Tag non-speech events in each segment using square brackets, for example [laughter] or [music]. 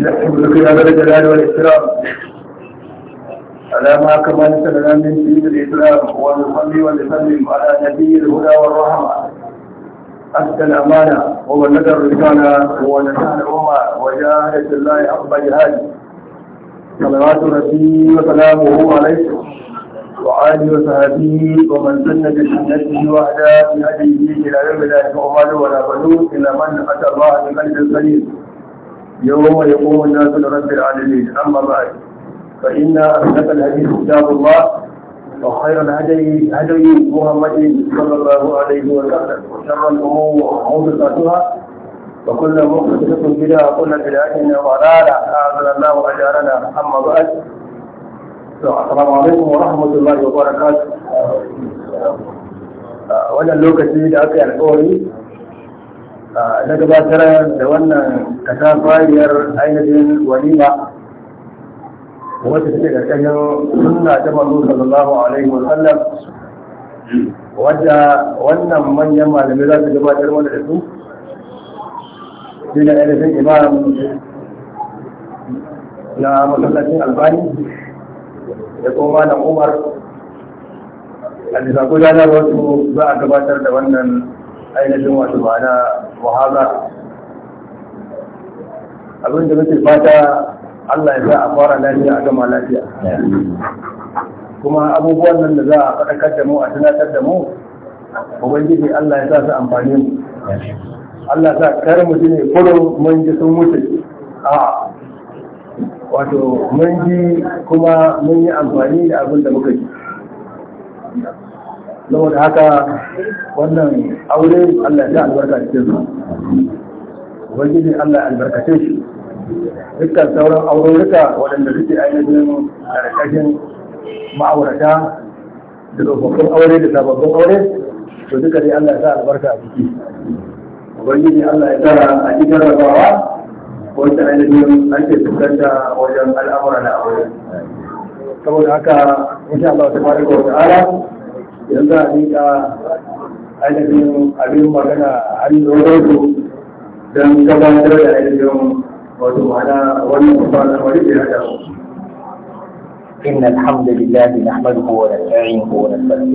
نحن لك يا الجلال والإكرام على ما كملت سلنا من دين الإسلام ونصلي ونسلم على نبي الهدى والرحمة أدى الأمانة وبلغ الرسالة ونسأل الأمة وجاهد الله حق جهاد صلوات ربي وسلامه عليه وعلى وصحبه ومن سن بسنته وهدى بهديه إلى يوم لا يفهم ولا بنون إلا من أتى الله بقلب سليم يوم يقوم الناس لرب العالمين أما بعد فإن أصدق الحديث كتاب الله وخير الهدي هدي محمد صلى الله عليه وسلم وشر الأمور محدثاتها وكل محدثة بدعة وكل بدعة ضلالة أعاذنا الله وأجعلنا أما بعد السلام عليكم ورحمة الله وبركاته. آه، وأنا lokaci da aka الحوري na gabatar da wannan katafariyar ainihin walima wacce take ƙarƙashin sunna ta manzo sallallahu alaihi wa sallam wadda wannan manyan malamai za su gabatar mana da su shi da ainihin imam na masallacin albani da kuma na umar a bisa gudanar wasu za a gabatar da wannan ainihin wato ma'ana muhaza abin da muke fata Allah ya za a fara lafiya a gama lafiya kuma abubuwan nan da za a faɗakar da mu a tunatar da mu ubangiji Allah ya sa su amfani mu Allah ya sa kar mu ji ne kurum mun ji sun wuce a wato mun ji kuma mun yi amfani da abin da muka ji saboda haka wannan aure Allah ya albarka cikin su ubangiji Allah ya albarkace shi dukkan sauran aurorika waɗanda suke ainihin ƙarƙashin ma'aurata da tsofaffin aure da sababbin aure to duka dai Allah ya sa albarka a ciki ubangiji Allah ya tara a cikin rabawa wacce ainihin ake fuskanta wajen al'amura da aure saboda haka insha Allah ta baraka wa ta'ala yanzu a rika ainihin abin magana an zo don gabatar da ainihin wato ma'ana wannan kwanan wani da ya dawo إن الحمد لله نحمده ونستعينه ونستغفره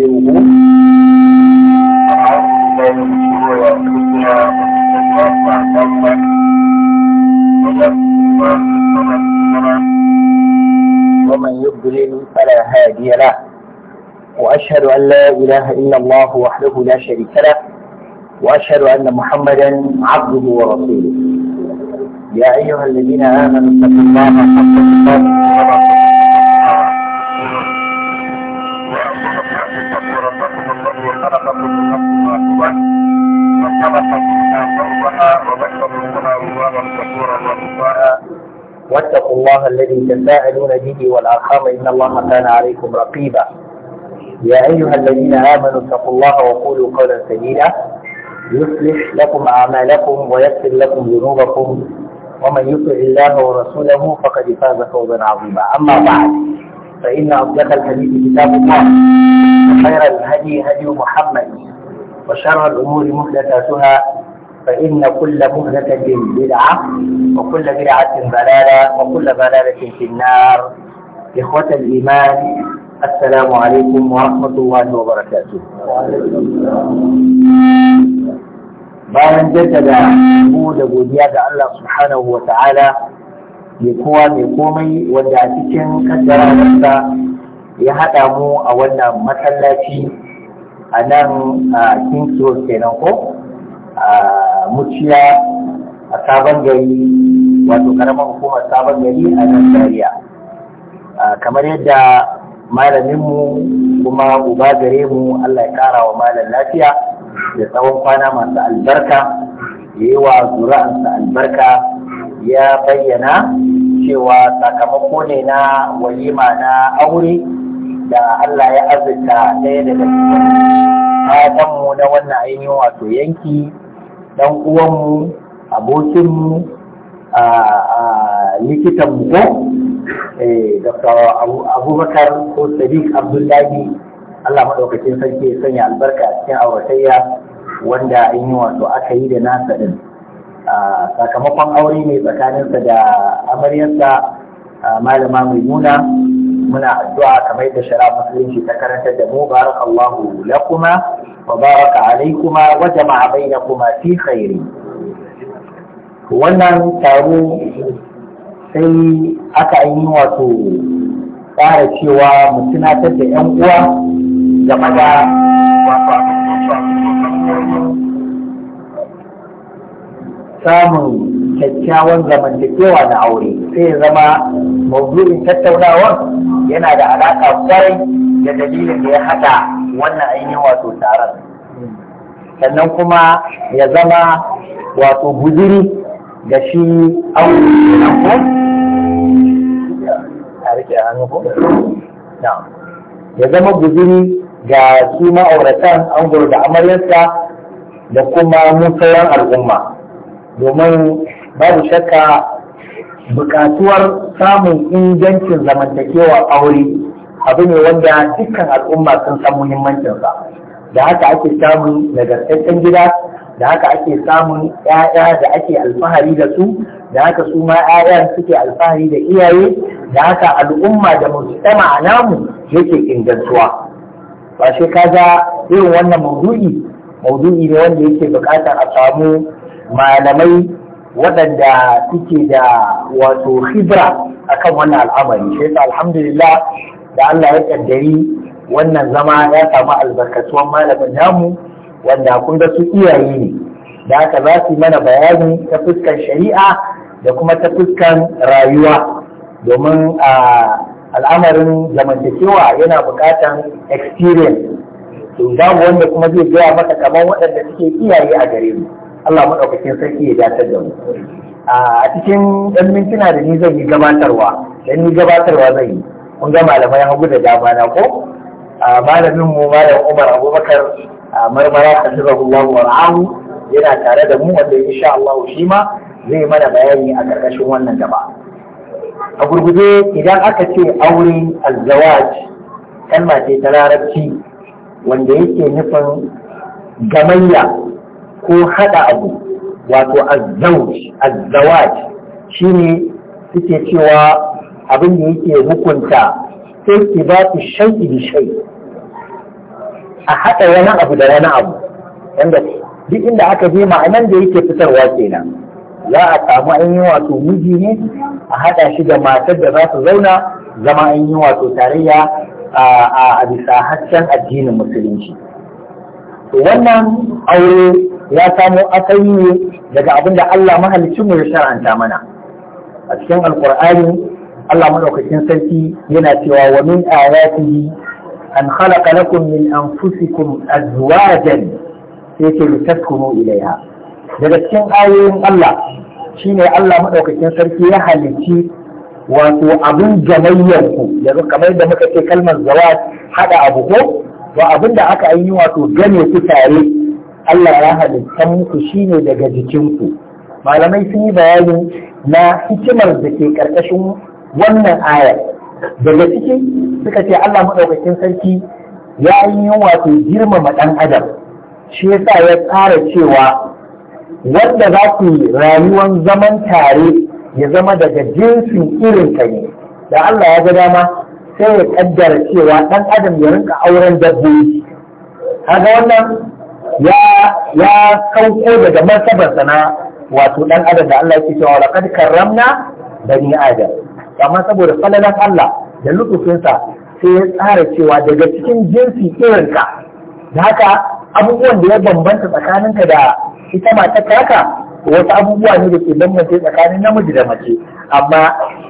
ومن يضلل فلا هادي له وأشهد أن لا إله إلا الله وحده لا شريك له وأشهد أن محمدا عبده ورسوله يا أيها الذين آمنوا اتقوا الله حق تقاته واتقوا الله الذي تساءلون به والارحام ان الله كان عليكم رقيبا يا أيها الذين آمنوا اتقوا الله وقولوا قولا سديدا يصلح لكم أعمالكم ويغفر لكم ذنوبكم ومن يطع الله ورسوله فقد فاز فوزا عظيما أما بعد فإن أصدق الحديث كتاب الله وخير الهدي هدي محمد وشر الأمور محدثاتها فإن كل مهلكة بدعة وكل بدعة ضلالة وكل ضلالة في النار إخوة الإيمان السلام عليكم ورحمة الله وبركاته bayan jaddada mu da godiya ga Allah subhanahu wa ta'ala mai kowa mai komai wanda a cikin kaddarawarsa ya haɗa mu a wannan masallaci a nan a kings road kenan ko a muciya a sabon gari wato karamar hukumar sabon gari a nan Zariya. kamar yadda malaminmu kuma uba gare mu Allah ya kara wa malam lafiya da tsawon kwana masu albarka ya yi wa zura'ansa albarka ya bayyana cewa sakamako ne na walima na aure da Allah ya azurta ɗaya daga cikin mu na wannan ainihin wato yanki ɗan uwanmu abokinmu a likitan mu eh dr abubakar ko sadiq abdullahi allah maɗaukacin sarki ya sanya albarka a cikin auratayya wanda in yi wato aka yi da nasa din sakamakon aure ne tsakaninsa da amaryarsa malama mai nuna muna addu'a kamar da shara musulunci ta karantar da mu allahu lakuma wa baraka alaikuma wa jama'a bainakuma fi khairi wannan taro sai aka yi wato tsara cewa mu tunatar da 'yan uwa game da samun kyakkyawan zamantakewa na aure sai ya zama maudu'in tattaunawar yana da alaƙa kwarai da dalilin da ya haɗa wannan ainihin wato taron sannan kuma ya zama wato guziri da shi aure ranar ya zama guzuri ga su ma'auratan an da amaryarsa da kuma mu al'umma domin babu shakka bukatuwar samun ingancin zamantakewa aure abu ne wanda dukkan al'umma sun san muhimmancinsa da haka ake samun nagartaccen gida da haka ake samun ‘ya'ya da ake alfahari da su da haka su ma ‘ya'yan suke alfahari da iyaye da haka al'umma da mujtama a namu yake ingantuwa ba shi kaga irin wannan maudu'i maudu'i ne wanda yake buƙatar a samu malamai waɗanda suke da wato hibra akan wannan al'amari shi yasa alhamdulillah da Allah ya kaddari wannan zama ya samu albarkatuwan malamin namu wanda kun ga su iyaye ne da haka za su mana bayani ta fuskar shari'a da kuma ta fuskar rayuwa domin a al'amarin zamantakewa yana buƙatar experience to mu wanda kuma zai gaya maka kamar waɗanda suke iyaye a gare mu Allah maɗaukakin sarki ya dace da mu a cikin ɗan mintuna da ni zan yi gabatarwa dan ni gabatarwa zan yi kun ga malamai hagu da dama na ko malamin mu malam Umar Abubakar marmara hafizahullahu wa ra'ahu yana tare da mu wanda insha Allah shi ma zai mana bayani a ƙarƙashin wannan gaba a gurguje idan aka ce aure azzawaj kalma ce ta larabci wanda yake nufin gamayya ko haɗa abu wato azzawj azzawaj shine suke cewa abin da yake hukunta sai ki ba ki shai bi shay'i a haɗa wani abu da wani abu wanda duk inda aka je ma'anan da yake fitarwa kenan za a samu an yi wato miji ne a haɗa shi da matar da za su zauna zama an yi wato tarayya a bisa hasken addinin musulunci wannan aure ya samo asali ne daga abin da Allah mahalicin mu ya shar'anta mana a cikin alkur'ani Allah madaukakin sarki yana cewa wa min ayatihi an khalaqa lakum min anfusikum azwajan sai ce ilaiha daga cikin ayoyin Allah shine Allah madaukakin sarki ya halitti wato abin jamayyar ku yanzu kamar da muka ce kalmar zawat hada abu ko wa abin da aka yi wato gane ku tare Allah ya halitta muku shine daga jikin ku malamai sun yi bayani na hikimar da ke karkashin wannan ayar daga cikin suka ce Allah maɗaukakin sarki ya yi wato girmama ɗan adam shi yasa ya tsara cewa wanda za su yi rayuwan zaman tare ya zama daga jinsin irin ka ne da Allah ya ga dama sai ya kaddara cewa ɗan adam ya rinka auren dabbobi kaga wannan ya ya sauko daga masabarsa na wato ɗan adam da Allah ya ce cewa laqad karramna bani adam amma saboda falalan Allah da lutufinsa sai ya tsara cewa daga cikin jinsi irin ka. da haka abubuwan da ya bambanta tsakaninka da ita matar taka wasu abubuwa ne da ke bambanta tsakanin namiji da mace amma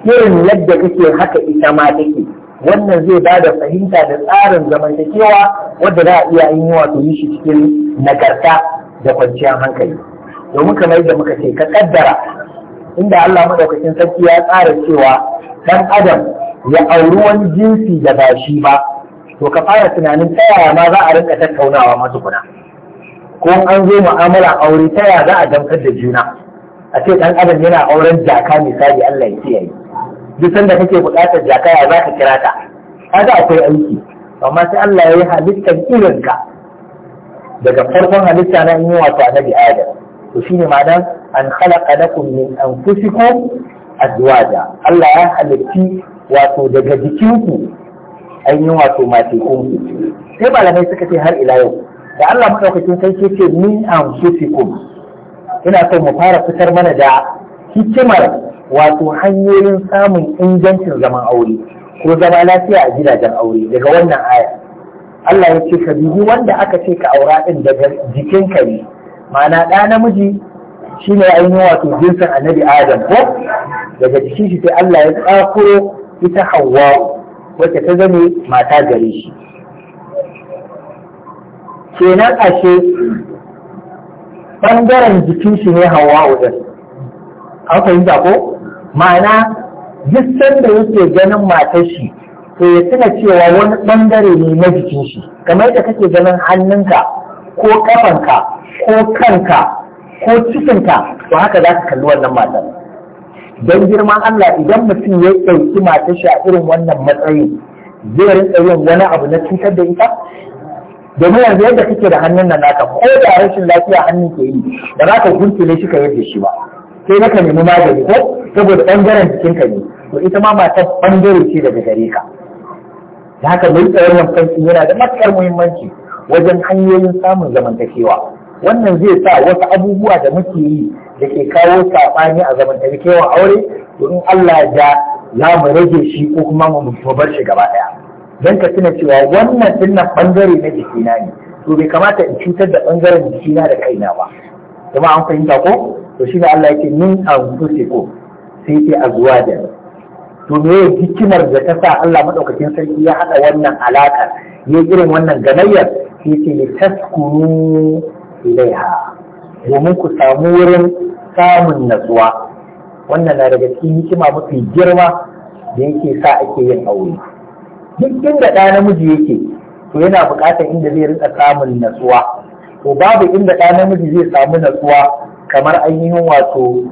irin yadda kake haka ita ma take wannan zai ba da fahimta da tsarin zamantakewa wadda za a iya yin yi wato yi shi cikin nagarta da kwanciyar hankali domin kamar yadda muka ce ka kaddara inda Allah maɗaukacin sarki ya tsara cewa ɗan adam ya auri wani jinsi da ba shi ba to ka fara tunanin ta yaya ma za a rinka tattaunawa masu kuna ko an zo mu'amala aure ta yaya za a damkar da juna a ce ɗan adam yana auren jaka misali Allah ya kiyaye duk sanda kake buƙatar jaka ya za ka kira ta kaga akwai aiki amma sai Allah ya yi halittar irin ka. daga farkon halitta na in yi wato annabi Adam to shine ma'anar an khalaqa lakum min anfusikum azwaja Allah ya halitti wato daga jikinku ainihin wato matekunku sai malamai suka ce har ila yau da Allah madaukakin sai ce min anfusikum ina so mu fara fitar mana da hikimar wato hanyoyin samun ingancin zaman aure ko zama lafiya a gidajen aure daga wannan aya Allah ya ce ka bibi wanda aka ce ka aura din daga jikinka ne ma'ana ɗa namiji shine ainihin wato jinsin annabi adam ko daga cikin shi sai Allah ya tsakuro ita hawa wacce ta zame mata gare shi kenan ashe ɓangaren jikin shi ne hawa din an fahimta ko ma'ana duk sanda yake ganin matar shi to ya tuna cewa wani ɓangare ne na jikin shi kamar yadda kake ganin hannunka ko kafanka ko kanka ko cikinka to haka za ka kalli wannan matar don girman Allah idan mutum ya ɗauki mata shi a irin wannan matsayin zai rinka yin wani abu na cutar da ita domin yanzu yadda kake da hannun nan naka ko da rashin lafiya hannun ke yi da za ka guntule shi ka yadda shi ba sai naka nemi magani ko saboda ɓangaren jikin ka ne to ita ma matar ɓangare ce daga gare ka da haka mai tsayar wannan fanki yana da matuƙar muhimmanci wajen hanyoyin samun zamantakewa wannan zai sa wasu abubuwa da muke yi da ke kawo saɓani a zaman zamantakewar aure domin Allah ja za mu rage shi ko kuma mu bar shi gaba ɗaya don ka tuna cewa wannan dinnan ɓangare na jikina ne to bai kamata in cutar da ɓangaren jikina da kaina ba kuma an fahimta ko to shi ne Allah yake min ko sai yake azwajan to me hikimar da ta sa Allah madaukakin sarki ya haɗa wannan alaƙa ya irin wannan gamayyar sai yake taskuru ilaiha domin ku samu wurin samun natsuwa wannan na daga cikin hikima mafi girma da yake sa ake yin aure duk inda ɗa namiji yake to yana buƙatar inda zai rika samun natsuwa to babu inda ɗa namiji zai samu natsuwa kamar ainihin wato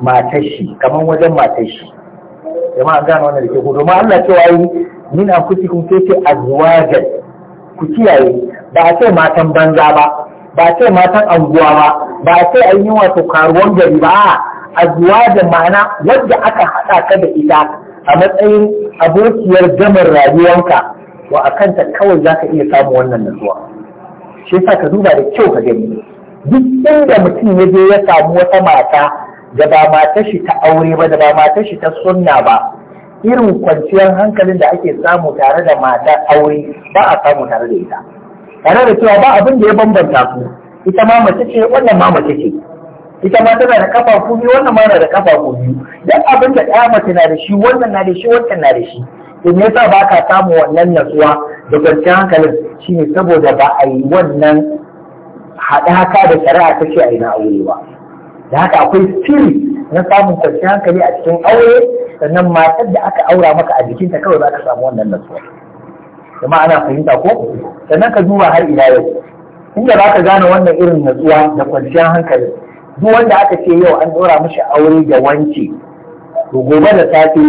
matashi kamar wajen matashi jama'a gane wannan da ke ku domin Allah cewa yi min an kuci kun a ce azwajan ku kiyaye ba a ce matan banza ba ba ce matan anguwa ba ba ce an yi wato karuwan gari ba a zuwa da ma'ana wadda aka haɗa ka da ita a matsayin abokiyar gamar rayuwanka wa a kanta kawai za ka iya samu wannan nasuwa shi sa ka duba da kyau ka gani duk inda mutum ya je ya samu wata mata da ba mata shi ta aure ba da ba mata shi ta sunna ba irin kwanciyar hankalin da ake samu tare da matar aure ba a samu tare da ita tare da cewa ba abin da ya bambanta su ita ma mace ce wannan ma mace ce ita ma tana da ku biyu wannan ma na da ku biyu duk abin da ɗaya mace na da shi wannan na da shi wannan na da shi ya me yasa baka samu wannan natsuwa da kwanciyar hankalin shi ne saboda ba a yi wannan haɗaka da shari'a ta ce a yi na aure ba da haka akwai sirri na samun kwanciyar hankali a cikin aure sannan matar da aka aura maka a jikinta kawai za ka samu wannan natsuwa kuma ana fahimta ko sannan ka duba har ila yau inda ba ka gane wannan irin natsuwa da kwanciyar hankali duk wanda aka ce yau an ɗora mishi aure da wanke, to gobe da safe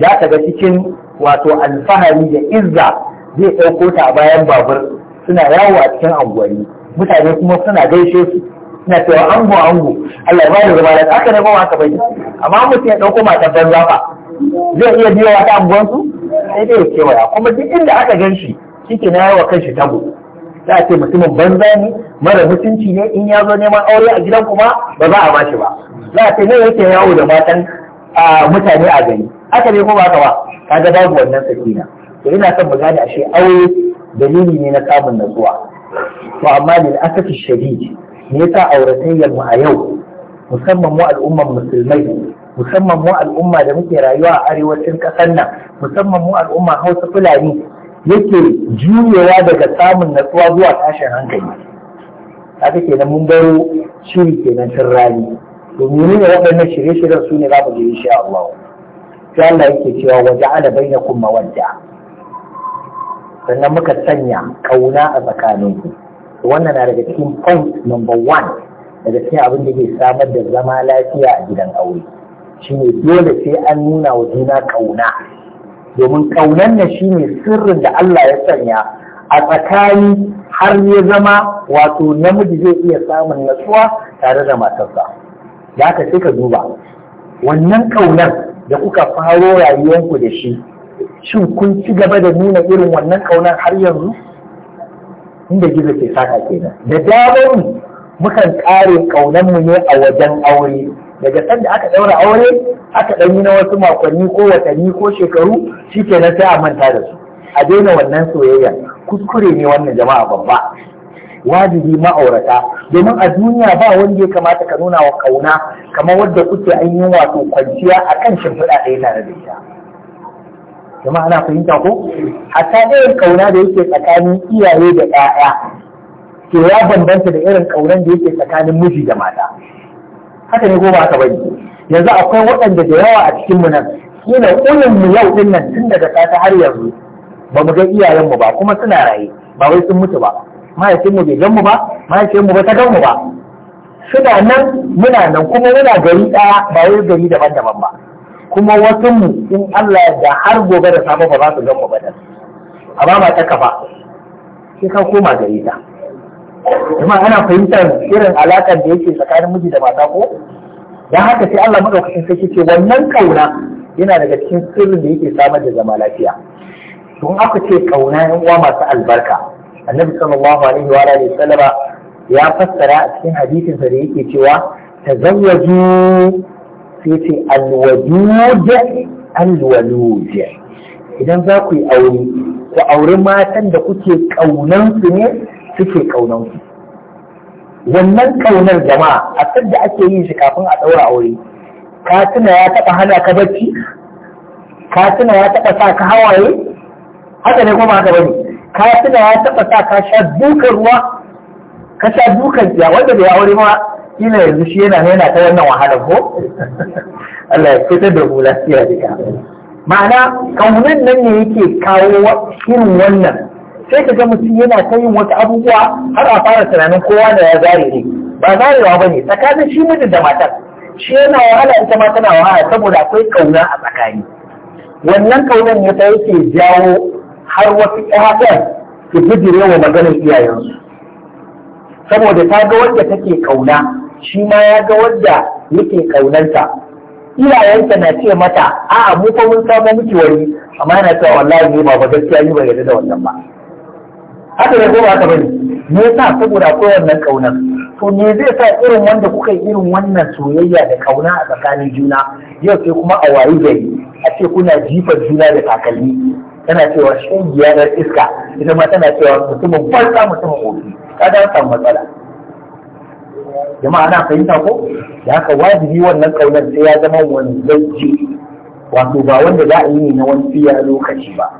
za ka ga cikin wato alfahari da izza zai ɗauko ta a bayan babur suna yawo a cikin anguwanni mutane kuma suna gaishe su suna cewa ango ango Allah ba da zama da aka ne ba ka bai amma mutum ya ɗauko mata banza fa zai iya biyo wata anguwansu sai dai ya kewaya kuma duk inda aka gan shi shi na yawa kanshi shi tabo za a ce mutumin banza ne mara mutunci ne in ya zo neman aure a gidan kuma ba za a ba shi ba za a ce ne yake yawo da matan mutane a gani. aka ne kuma ba ka ga kaga babu wannan sakina to ina son mu gane ashe aure dalili ne na samun natsuwa to amma ne asafi shadid me yasa auratayyar mu a yau musamman mu al'ummar musulmai musamman mu al'umma da muke rayuwa a arewacin ƙasar nan musamman mu al'umma hausa fulani yake juyewa daga samun natsuwa zuwa tashin hankali haka kenan mun baro shiri kenan tun rani domin ne waɗannan shirye-shiryen su ne za mu je insha Allah sai Allah yake cewa waja'ala bainakum mawadda sannan muka sanya kauna a tsakaninku wannan na daga cikin point number one daga cikin abin da ke samar da zama lafiya a gidan aure shine dole sai an nuna wa juna ƙauna domin ƙaunan na shine sirrin da Allah ya sanya a tsakani har ya zama wato namiji zai iya samun natsuwa tare da matarsa da haka sai ka duba wannan ƙaunar da kuka faro rayuwanku da shi shin kun ci gaba da nuna irin wannan ƙaunar har yanzu inda gizo ke saka kenan da damar mukan ƙare mu ne a wajen aure daga san da aka ɗaura aure aka ɗanyi na wasu makonni ko watanni ko shekaru shi na sai a manta da su a daina wannan soyayya kuskure ne wannan jama'a babba wajibi ma'aurata domin a duniya ba wanda ya kamata ka nuna wa kauna kamar wadda kuke an yi wato kwanciya a kan shimfiɗa ɗaya tare da ita jama'a ana fahimta ko hatta irin kauna da yake tsakanin iyaye da 'ya'ya ke ya bambanta da irin kaunan da yake tsakanin miji da mata haka ne goma aka bari yanzu akwai waɗanda da yawa a cikin mu nan kila ƙunin mu yau din nan tun daga safe har yanzu ba mu ga iyayen mu ba kuma suna raye ba wai sun mutu ba mahaifin mu bai gan mu ba mahaifin mu ba ta gan mu ba suna nan muna nan kuma muna gari ɗaya ba wai gari daban-daban ba kuma wasu mu in Allah da har gobe da safe ba za su gan mu ba da amma ba ta kafa sai ka koma gari ta kuma ana fahimtar irin alaƙar da yake tsakanin miji da mata ko dan haka sai Allah madaukakin sarki ce wannan kauna yana daga cikin sirrin da yake samar da zama lafiya Don aka ce kauna yan uwa masu albarka annabi sallallahu alaihi wa alihi sallama ya fassara a cikin hadisin sa da yake cewa tazawwaju sai ce alwajud alwalud idan za ku yi aure ku auri matan da kuke ƙaunansu ne suke ƙaunanku wannan ƙaunar jama'a a san da ake yin shi kafin a ɗaura aure ka tuna ya taɓa hana ka bacci ka tuna ya taɓa sa ka hawaye haka ne kuma haka bane ka tuna ya taɓa sa ka sha dukan ruwa ka sha dukan ya wanda bai aure ma ina yanzu shi yana yana ta wannan wahalar ko [laughs] Allah ya fitar da mu lafiya ka ma'ana kaunan nan ne yake kawo irin wannan sai ka ga mutum yana ta yin wasu abubuwa har a fara tunanin kowa da ya zare ne ba zarewa ba ne tsakanin shi mijin da matar shi yana wahala ita ma tana wahala saboda akwai kauna a tsakani wannan kaunan ne ta yake jawo har wasu ƴaƴan su bijire wa maganar iyayensu saboda ta ga wadda take kauna shi ma ya ga wadda yake kaunanta iyayenta na ce mata a'a mu fa mun samu miki wani amma yana cewa wallahi ne ba gaskiya ni ba yarda da wannan ba haka ne ko ba haka bane me yasa saboda akwai wannan kauna to me zai sa irin wanda kuka yi irin wannan soyayya da kauna a tsakanin juna yau sai kuma a wayi gari a ce kuna jifar juna da takalmi tana cewa shan yanar iska ita ma tana cewa mutumin farka mutumin ofi kaga an samu matsala jama'a na fahimta ko da haka wajibi wannan kaunar sai ya zama wanzacce wato ba wanda za a yi na wani iya lokaci ba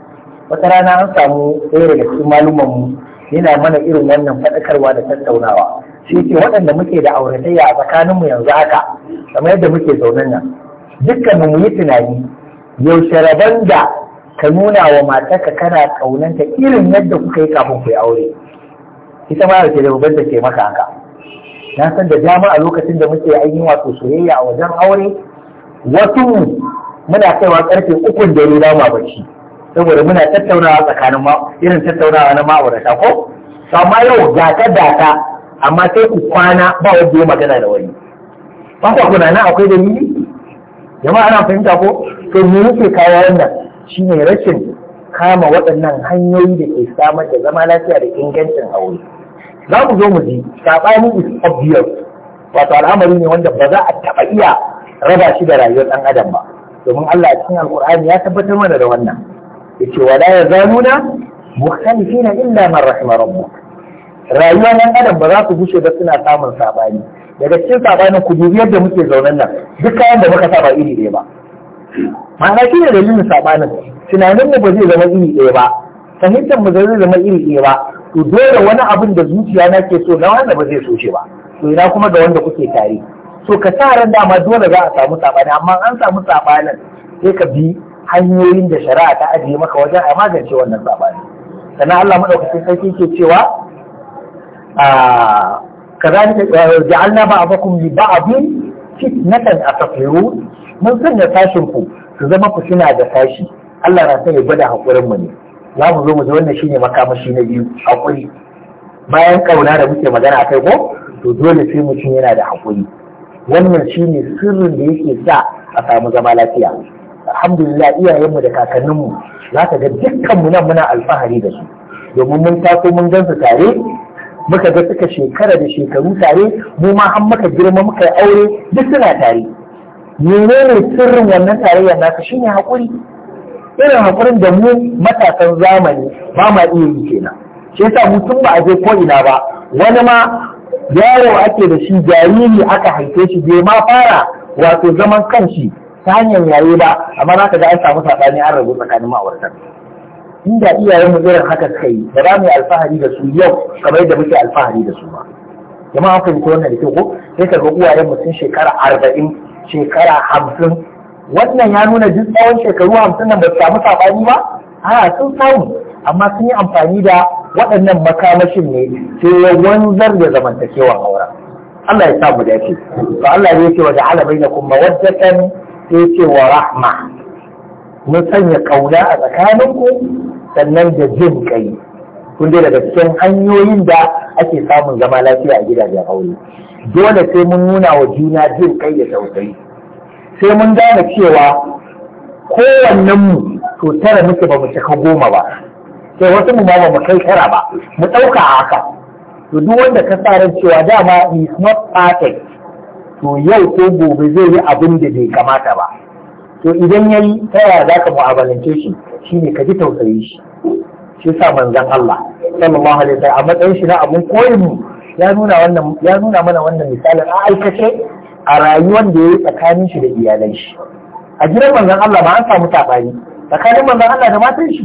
wata rana an samu ɗaya daga cikin malumanmu yana mana irin wannan faɗakarwa da tattaunawa shi ke waɗanda muke da auratayya a tsakaninmu yanzu haka kamar yadda muke zaunan nan dukkan mu yi tunani yaushe rabon da ka nuna wa matarka kana ƙaunanta irin yadda kuka yi kafin ku yi aure ita ma yaushe da babban da ke maka haka na san da dama a lokacin da muke ainihin wato soyayya a wajen aure wasu muna kaiwa karfe ukun dare na ma bacci saboda muna tattaunawa tsakanin ma irin tattaunawa na ma'aurata ko to amma yau data data amma sai ku kwana ba wanda ya magana da wani ba ku kuna na akwai dalili jama'a ana fahimta ko to me yake kawo wannan shine rashin kama waɗannan hanyoyi da ke samar da zama lafiya da ingancin aure za mu zo mu ji sabani is obvious wato al'amari ne wanda ba za a taɓa iya raba shi da rayuwar ɗan adam ba domin Allah a cikin alƙur'ani ya tabbatar mana da wannan yake wala zamuna mukhalifina illa man rahima rabbuk rayuwa nan adam ba za su gushe ba suna samun sabani daga cikin sabanin ku dubi yadda muke zaunan nan duk kayan da muka saba iri ɗaya ba ma'ana shi ne dalilin sabanin tunanin mu ba zai zama iri ɗaya ba fahimtar mu zai zama iri ɗaya ba to dole wani abin da zuciya na ke so na wanda ba zai so shi ba to ina kuma da wanda kuke tare so ka sa ran dama dole za a samu sabani amma an samu sabanin sai ka bi hanyoyin da shari'a ta ajiye maka wajen a magance wannan sabani sannan Allah madaukakin sarki ke cewa a kazalika ja'alna ba'dakum li ba'din fitnatan atasirun mun sanya tashin ku su zama ku suna da tashi Allah na sanya gwada hakurin mu ne za mu zo mu ji wannan shine makamashi na biyu hakuri bayan kauna da muke magana akai ko to dole sai mutum yana da hakuri wannan shine sirrin da yake sa a samu zama lafiya alhamdulillah iyayenmu da kakanninmu za ka ga dukkanmu nan muna alfahari da su domin mun taso mun su tare muka ga suka shekara da shekaru tare mu ma an muka girma muka yi aure duk suna tare menene sirrin wannan tarayyar naka shine hakuri irin hakurin da mu matasan zamani ba ma iya yi kenan shi yasa mu tun ba a je ko ina ba wani ma yaro ake da shi jariri aka haife shi bai ma fara wato zaman kanshi ta hanyar yayi ba amma za ka ga an samu saɓani an rabu tsakanin ma'auratan inda iyayen mu irin haka suka yi ba za mu alfahari da su yau kamar yadda muke alfahari da su ba jama'a an fahimci wannan da ke ko sai ka ga uwayen mu sun shekara arba'in shekara hamsin wannan ya nuna duk tsawon shekaru hamsin nan ba su samu saɓani ba a sun samu amma sun yi amfani da waɗannan makamashin ne sai ya wanzar da zamantakewar aure. Allah ya samu da dace to Allah ya ce wa ja'ala kuma wajen sai ce wa rahma mun sanya ƙauna a tsakaninku sannan da jin kai kun dai daga cikin hanyoyin da ake samun zama lafiya a gidajen aure dole sai mun nuna wa juna jin kai da tausayi sai mun gane cewa kowannen mu to tara muke ba mu cika goma ba sai wasu mu ma ba mu kai tara ba mu ɗauka a haka to duk wanda ka tsara cewa dama is not perfect to yau ko gobe zai yi abin da bai kamata ba to idan yayi ta yaya za ka mu'amalance shi shine ka ji tausayi shi shi sa manzan Allah sallallahu alaihi wasallam a matsayin shi na abun koyin mu ya nuna mana wannan misalin a aikace a rayuwar da yayi tsakanin shi da iyalan shi a gidan manzan Allah ba an samu sabani tsakanin manzan Allah da matan shi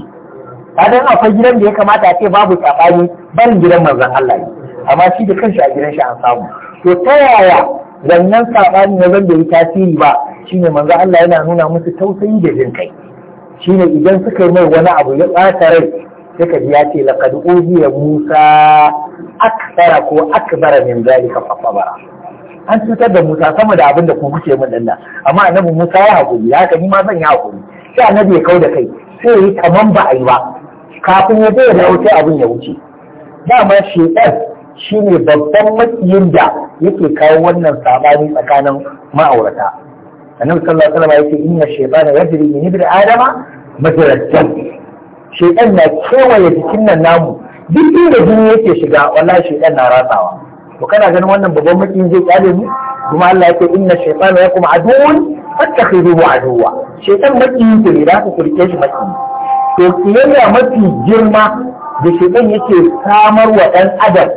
dan akwai gidan da ya kamata a ce babu tsabani barin gidan manzan Allah ne amma shi da kanshi a gidan shi an samu to ta yaya wannan saɓani na zan da yi tasiri ba shine manzo Allah yana nuna musu tausayi da jin kai shine idan suka yi mai wani abu ya ɓata rai suka ji ya ce laqad uziya Musa akthara ko akbara min zalika fafa an cutar da Musa sama da abin da ku kuke min dinnan amma annabi Musa ya hakuri ka ni ma zan ya hakuri sai annabi ya kau da kai sai ya yi kamar ba a yi ba kafin ya zai ya wuce abin ya wuce dama shekar Shi ne babban makiyin da yake kawo wannan sabani tsakanin ma'aurata annabi sallallahu alaihi wasallam yake inna shaytana yajri min ibni adama madrajan shaytan na kewaye jikin nan namu duk inda jini yake shiga wallahi shaytan na ratsawa to kana ganin wannan babban makiyin zai kyale mu kuma Allah yake inna shaytana yakum aduwwun fattakhiduhu aduwwa shaytan makiyin ku ne da ku kurke shi makiyi to kiyayya mafi girma da shaytan yake samarwa dan adam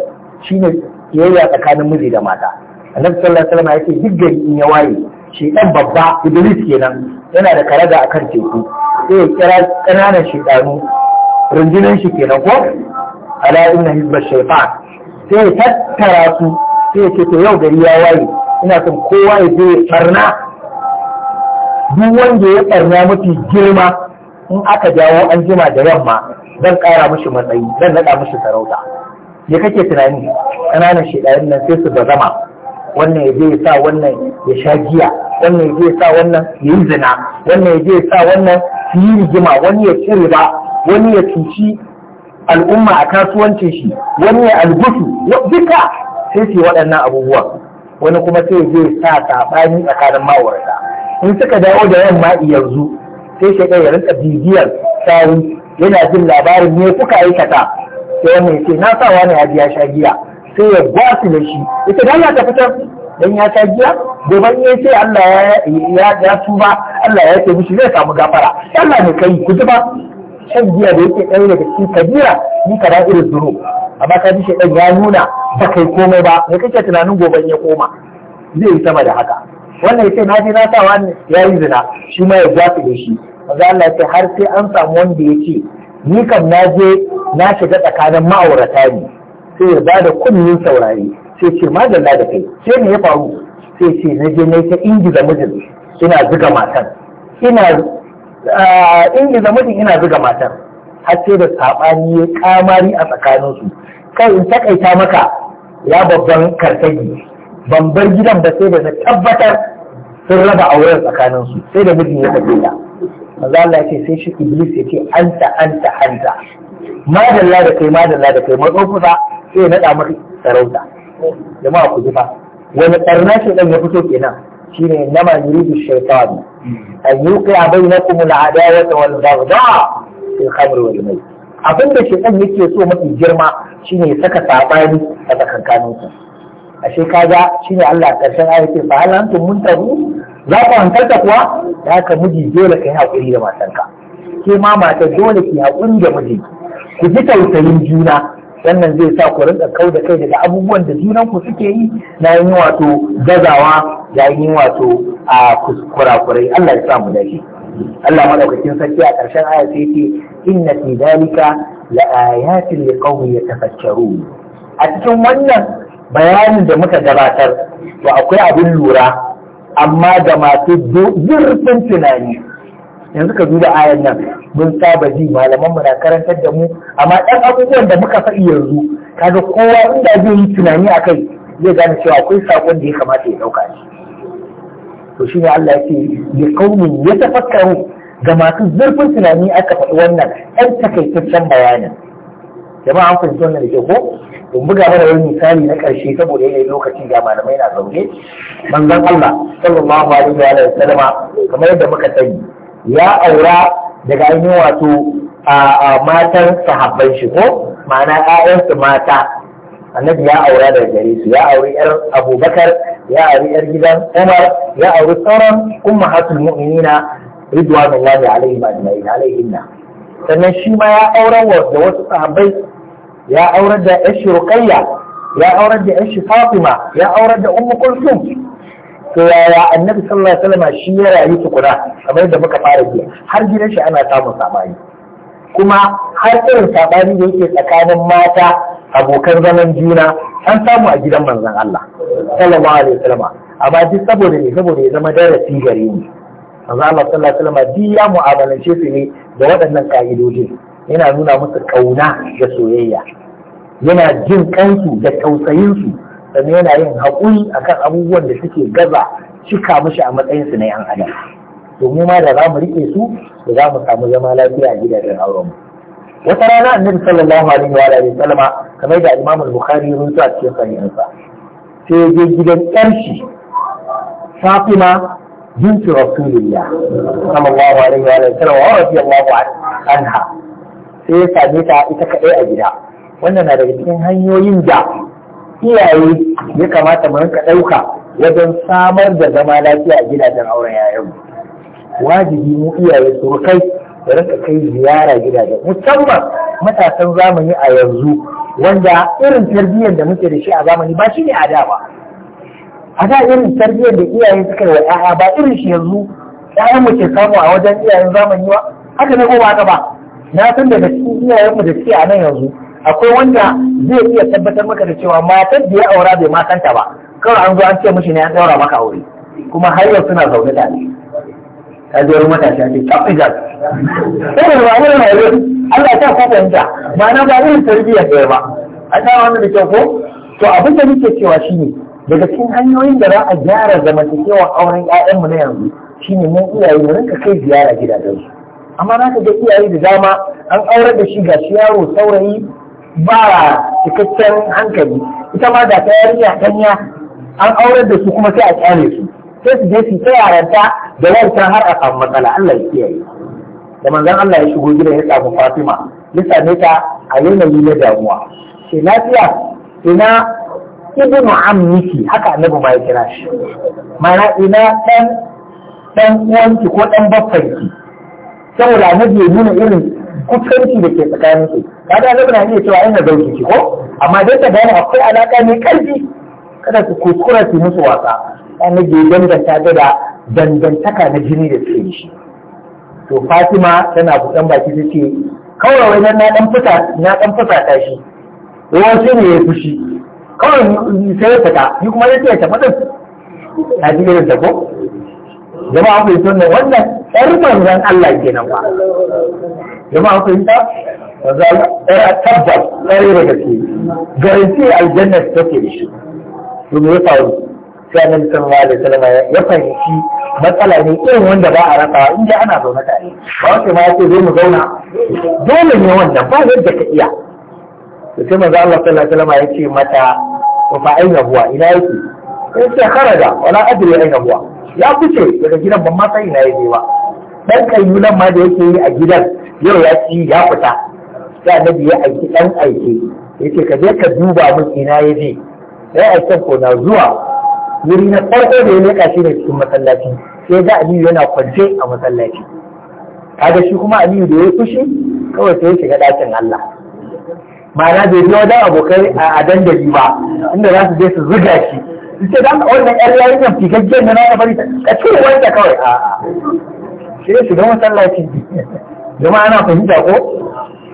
Shi ne kiyayya tsakanin miji da mata annabi sallallahu alaihi wasallam yake duk gari in ya waye Shi dan babba iblis kenan yana da karaga akan teku sai kira kananan shedanu rundunan shi kenan ko ala inna hizba shaytan sai tattara su sai ce to yau gari ya waye ina son kowa ya je ya farna duk wanda ya farna mafi girma in aka jawo an jima da yamma zan kara mishi matsayi zan naɗa mishi sarauta ya kake tunani ƙananan shekarun nan sai su zama. wannan ya je ya sa wannan ya sha giya wannan ya je ya sa wannan ya yi zina wannan ya je ya sa wannan su yi rigima wani ya ci ba, wani ya cuci al'umma a kasuwancin shi wani ya algutu duka sai su yi waɗannan abubuwan wani kuma sai ya je ya sa saɓani tsakanin ma'aurata in suka dawo da yamma yanzu sai shi ya rinka bibiyar sawu yana jin labarin ne kuka aikata sai wannan ce na sa wani ya biya sha giya sai ya ba su da shi ita dan ya ta fitar dan ya sha giya domin ya ce Allah ya tuba Allah ya ce mishi zai samu gafara Allah ne kai ku ji shan giya da yake ɗaya daga cikin kabira ni kada irin zuru amma ka ji dan ya nuna ba kai komai ba me kake tunanin gobe ya koma zai yi sama da haka wannan yake na je na sa ya yi zina shi ma ya jafi da shi maza Allah ya ce har sai an samu wanda ya ce ni kam na je na shiga tsakanin ma'aurata ne sai ya ba da kunnin saurayi. sai ce madalla da kai sai ne ya faru sai ce na je na ta ingiza mijin ina zuga matan ina ingiza mijin ina zuga matan har sai da sabani ya kamari a tsakaninsu kai in takaita maka ya babban karkaji ban bar gidan ba sai da na tabbatar sun raba auren tsakaninsu sai da mijin ya tafi maza Allah ya ce sai shi iblis ya ce anta anta anta madalla da kai madalla da kai matso kusa sai ya naɗa maka sarauta jama'a ku ji fa wani ƙarna ce ɗan ya fito kenan shine nama yuridu shaitan an yuqa bainakum al-adawata wal baghdha fil kamar wal mai. abin da ɗan yake so mafi girma shine ya saka sabani a tsakankanin ku ashe kaga shine Allah karshen ayati fa hal mun muntahu za ku hankalta kuwa da ka miji dole ka yi haƙuri da matanka ke ma mata dole ki haƙuri da miji ku ji tausayin juna wannan zai sa ku rinka kau da kai daga abubuwan da junan ku suke yi na yi wato gazawa ya yi wato a kurakurai Allah ya sa mu dace Allah madaukakin sarki a ƙarshen aya sai ce inna fi dalika la ayatin liqaumin yatafakkarun a cikin wannan bayanin da muka gabatar to akwai abin lura amma ga masu zurfin tunani yanzu ka duba ayan nan mun saba ji malaman mu na karantar da mu amma ɗan abubuwan da muka faɗi yanzu kaga kowa inda zai yi tunani a kai zai gane cewa akwai sakon da ya kamata ya ɗauka shi to shi ne Allah ya ce li ya tafakkaru ga masu zurfin tunani aka faɗi wannan ɗan takaitaccen bayanin jama'a an fahimci wannan ke ko in buga mana wani misali na karshe saboda yanayin lokaci da malamai na zaune manzon Allah sallallahu alaihi wa sallam kamar yadda muka sani ya aura daga ainihin wato a matan sahabban shi ko ma'ana 'ya'yansu mata annabi ya aura daga gare su ya auri yar abubakar ya auri yar gidan umar ya auri sauran ummahatul mu'minina ridwanullahi alaihim ajma'in alaihinna sannan shi ma ya aura da wasu sahabbai ya aurar da yashi ruqayya ya aurar da yashi fatima ya aurar da ummu kulsum to yaya annabi sallallahu alaihi wasallam shi ya rayu tukuna kamar da muka fara jiya? har gidan shi ana samun sabani kuma har irin sabani da yake tsakanin mata abokan zaman juna an samu a gidan manzon Allah sallallahu alaihi wasallam amma duk saboda ne saboda ya zama darasi gare ni. manzon Allah sallallahu alaihi wasallam ya mu'amalance su ne da waɗannan ka'idodin. yana nuna musu ƙauna da soyayya yana jin kansu da tausayinsu sannan yana yin haƙuri akan abubuwan da suke gaza cika mishi a matsayinsu na yan adam to ma da za mu riƙe su da za mu samu zama lafiya a gidajen auren mu wata rana annabi sallallahu alaihi wa alihi sallama kamar da imam al-bukhari ya rubuta a cikin sahihinsa sai ya je gidan ƙarshi fatima bint rasulillah sallallahu alaihi wa alihi sallama wa radiyallahu anha sai ya same ta ita kaɗai a gida wannan na daga cikin hanyoyin da iyaye ya kamata mu rinka ɗauka wajen samar da zama lafiya a gidajen auren yayan wajibi mu iyaye surukai da rinka kai ziyara gidajen musamman matasan zamani a yanzu wanda irin tarbiyyar da muke da shi a zamani ba shi ne a da ba a da irin tarbiyyar da iyaye suka yi wa 'ya'ya ba irin shi yanzu 'ya'yan mu ke samu a wajen iyayen zamani ba haka ne ko ba haka ba na san daga cikin iyayenmu da suke a nan yanzu akwai wanda zai iya tabbatar maka da cewa matar da ya aura bai makanta ba kawai an zo an ce mishi ne an daura maka aure kuma har yau suna zaune ni ta je wurin matashi ake kafin gas sai da ba wani yi. Allah ta ku fahimta ma'ana ba irin tarbiyyar da ba a ta wani da kyau ko to abin da nake cewa shine daga cikin hanyoyin da za a gyara zamantakewar auren 'ya'yanmu na yanzu shine mun iyaye mu rinka kai ziyara gidajensu amma na ka ga iyaye da dama an aurar da shi ga shi yaro saurayi ba cikakken hankali ita ma da ta yarinya danya an aurar da su kuma sai a kyale su sai su je su ta yaranta da wancan har a samu matsala Allah ya kiyaye da manzon Allah ya shigo gidan ya samu Fatima ya same ta a yanayi na damuwa sai lafiya ina ibnu ammiki haka annabi ma ya kira shi mana ina dan dan uwanki ko dan baffanki saboda annabi ya nuna irin kusanci da ke tsakanin su da annabi na iya cewa ina zauki ki ko amma dai ta bayan akwai alaka mai karfi kada su kuskura su musu wasa annabi ya danganta ta da dangantaka na jini da suke shi to Fatima tana buɗan baki ta ce kawai wani na dan fita na dan fita ta shi wasu ne ya fushi kawai sai ya fita ni kuma ya ce ta fadin ji irin da ko jama'a ku sunna wannan yar manzan Allah ke nan ba jama'a ku ta manzo Allah eh tabbas sai da gaske garanti aljanna take da shi to me ya faru sai annabi sallallahu alaihi salama ya fahimci matsala ne irin wanda ba a rasa inda ana zaune tare ba wace ma ya ce zai mu zauna dole ne wannan ba yadda ka iya to sai manzo Allah sallallahu alaihi wasallam ya ce mata wa fa aina huwa ina yake sai ta kharaja wala adri aina huwa ya fice daga gidan ban ma sai na yi ba dan nan ma da yake yi a gidan yau ya ci ya fita sai nabi ya aiki dan aiki yake ka je ka duba mun ina yaje sai san ko na zuwa wuri na farko da ya leka shi ne cikin masallaci sai ga Aliyu yana kwance a masallaci kaga shi kuma Aliyu da ya fushi kawai sai ya shiga dakin Allah ma'ana bai je wajen abokai a dandali ba inda za su je su zuga shi ce dan wannan yar yarinyar fikakken da na bari ka ce wanda kawai a'a sai shiga masallaci jama'a ana fahimta ko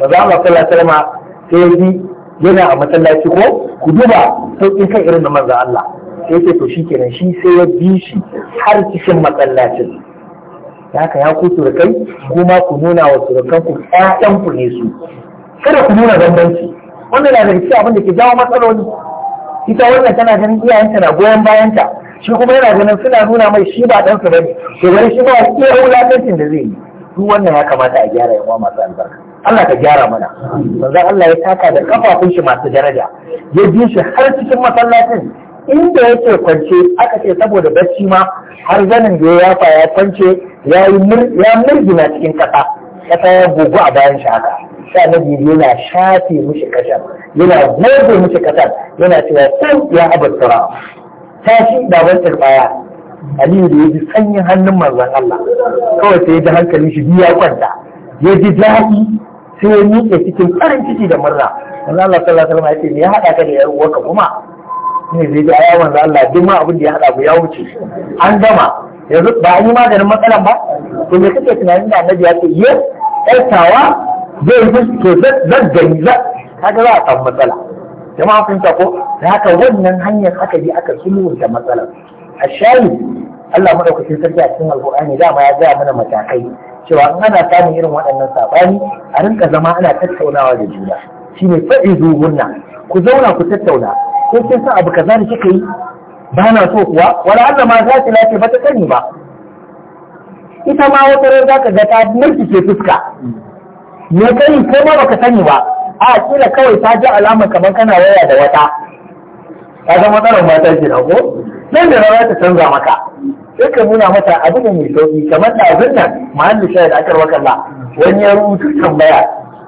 ba za mu sallah sallama sai bi yana a masallaci ko ku duba sauƙin kan irin da manzo Allah sai ce to shi kenan shi sai ya bi shi har cikin masallacin da haka ya ku surukai kuma ku nuna wa surukan ku ƴaƴan ku ne su kada ku nuna bambanci wannan na da cikin abin da ke jawo matsaloli ita wannan tana ganin iyayenta na goyon bayanta shi kuma yana ganin suna nuna mai shi ba dansa ba ne to bari shi ba iya wulaƙancin da zai yi duk wannan ya kamata a gyara yawa masu albarka Allah ka gyara mana manzon Allah ya taka da kafafun shi masu daraja ya bi shi har cikin masallacin inda yake kwance aka ce saboda bacci ma har zanin da ya yafa ya kwance ya murgina cikin kasa ƙasa ya gugu a bayan shi haka sai annabi yana shafe mishi kashin yana gobe mishi kasa yana cewa ko ya abar sara tashi baban turbaya aliyu da ya ji sanyin hannun manzon Allah kawai sai ya ji hankalin shi biya kwanta ya ji daɗi sai ya miƙe cikin farin ciki da murna manzon Allah sallallahu alaihi wasallam ya ce ya haɗa ka da yar uwarka kuma ne zai ji ayawan manzon Allah duk ma abin da ya haɗa ku ya wuce an gama yanzu ba an yi maganin matsalan ba to me kake tunanin da annabi ya ce yau ɗaukawa zai yi to zan gani kaga za a samu matsala jama'a kun ko da haka wannan hanyar aka bi aka sulhunta matsalar a shayi Allah madaukakin sarki a cikin alqur'ani dama ya gaya mana matakai cewa in ana samun irin waɗannan saɓani a rinka zama ana tattaunawa da juna shine fa'idu gunna ku zauna ku tattauna ko kin san abu kaza da kika yi ba na so kuwa wala Allah ma za ta lafi ba ta sani ba ita ma wata ran zaka ga ta murtike fuska me kai ko ma baka sani ba a kila kawai ta ji alama kamar kana waya da wata ta zama matsalar mata ke ko nan da rawa ta canza maka sai ka nuna mata abu ne mai sauki kamar ɗazun nan da shayar akar wakalla wani ya rubuta tambaya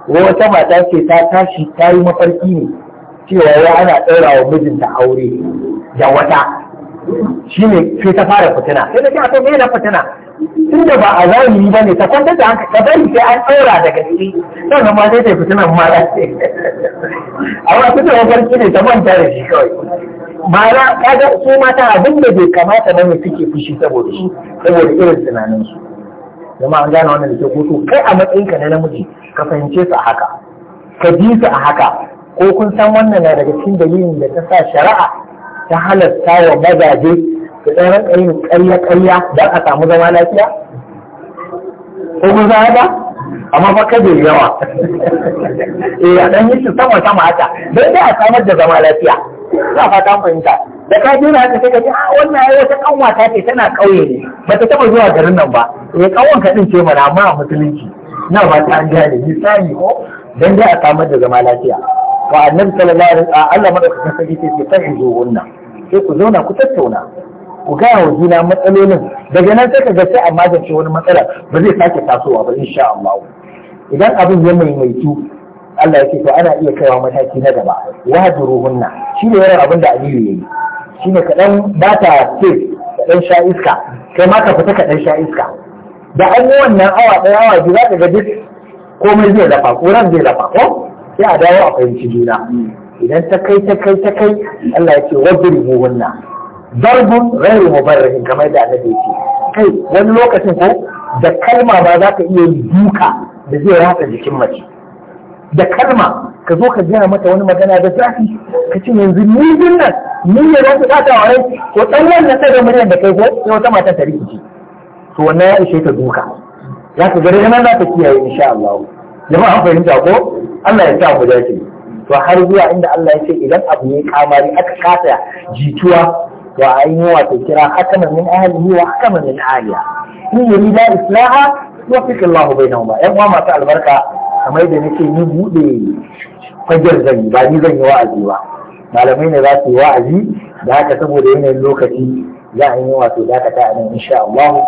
wata mata ce ta tashi ta yi mafarki ne cewa ya ana ɗaura wa mijinta aure da wata shi ne sai ta fara fitina sai da ke a me na fitina inda ba a zahiri ba ne ta kwantar da hanka ka bari sai an tsora daga gaske sannan ma sai ta fita nan ma da ce amma fita wa farki ne ta manta da shi kawai mara kaga su mata abin da bai kamata ba ne suke fushi saboda shi saboda irin tunanin su zama an gane wannan da ke koto kai a matsayin ka na namiji ka fahimce su a haka ka bi su a haka ko kun san wannan na daga cikin dalilin da ta sa shari'a ta halatta wa mazaje ka ɗan yin ƙarya-ƙarya don a samu zama lafiya? Ko kun san haka? Amma fa kada yawa. Eh a ɗan yin sama sama haka don dai a samar da zama lafiya. Za a fata fahimta. Da ka je haka sai ka ce a ah, wannan ai wata ta ce tana ƙauye ne ba ta taɓa zuwa garin nan ba. Eh ƙanwan ka ɗin ce mana amma a musulunci. Na ba ta an gane misali ko don dai a samar da zama lafiya. Wa annabi sallallahu alaihi wa sallam Allah madaukakin sarki ce ta hizo wannan. Sai ku zauna ku tattauna. ku gaya wa juna matsalolin daga nan sai ka ga sai a magance wani matsala ba zai sake tasowa ba insha Allah idan abin ya maimaitu Allah yake to ana iya kaiwa mataki na gaba shi shine yaron abin da Aliyu yayi shine ka dan bata ce ka dan sha iska kai ma ka fita ka dan sha iska da an yi wannan awa ɗaya awa biyu za ka ga duk komai zai dafa ƙuran zai dafa ko sai a dawo a fahimci juna idan ta kai ta kai ta kai Allah ya ce darbun rairu mubarrahin kamar da da yake kai wani lokacin ko da kalma ba za ka iya duka da zai ratsa jikin mace da kalma ka zo ka gaya mata wani magana da zafi ka ce yanzu ni din ni ne za su kata wa rai ko dan wannan sai da muryar da kai ko sai wata mata ta rikici to wannan ya ishe ta duka ya ka gare nan za ta kiyaye insha Allah jama'a an fahimta ko Allah ya sa mu dace to har zuwa inda Allah ya ce idan abu ne kamari aka kasa jituwa to a yi ta kira hakama min ahlihi wa hakama min ahliha in yuri la islaha yuwaffiq Allahu bainahuma ƴan uwa masu albarka kamar da nake ni bude fajar zan yi ba ni zan yi wa'azi ba malamai ne za su yi wa'azi da haka saboda yanayin lokaci za a yi wato dakata a nan insha Allah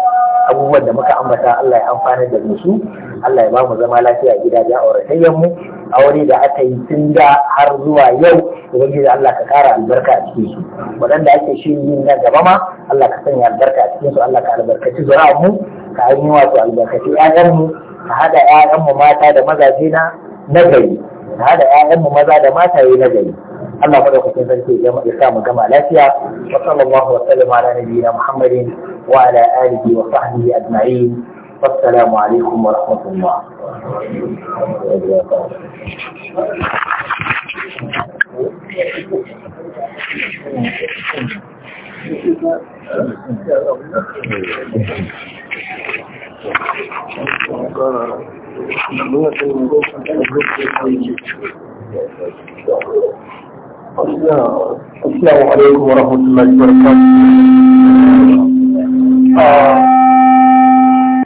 abubuwan da muka ambata Allah ya amfana da musu Allah ya ba mu zama lafiya gidajen auratayyar mu aure da aka yi tun da har zuwa yau ubangiji Allah ka kara albarka a cikin su waɗanda ake shirin yin na gaba ma Allah ka sanya albarka a cikin su Allah ka albarkaci zuwa mu ka yi wato albarkaci ƴaƴan mu ka haɗa ƴaƴan mu mata da mazaje na nagari ka haɗa ƴaƴan mu maza da mataye nagari الله فدوكم سنتي يوم إسلام جمع لاتيا وصلى الله وسلم على نبينا محمد وعلى آله وصحبه أجمعين والسلام عليكم ورحمة الله Thank you. Assalamu alaikum wa rahmatullahi wa barakatuh. Uh,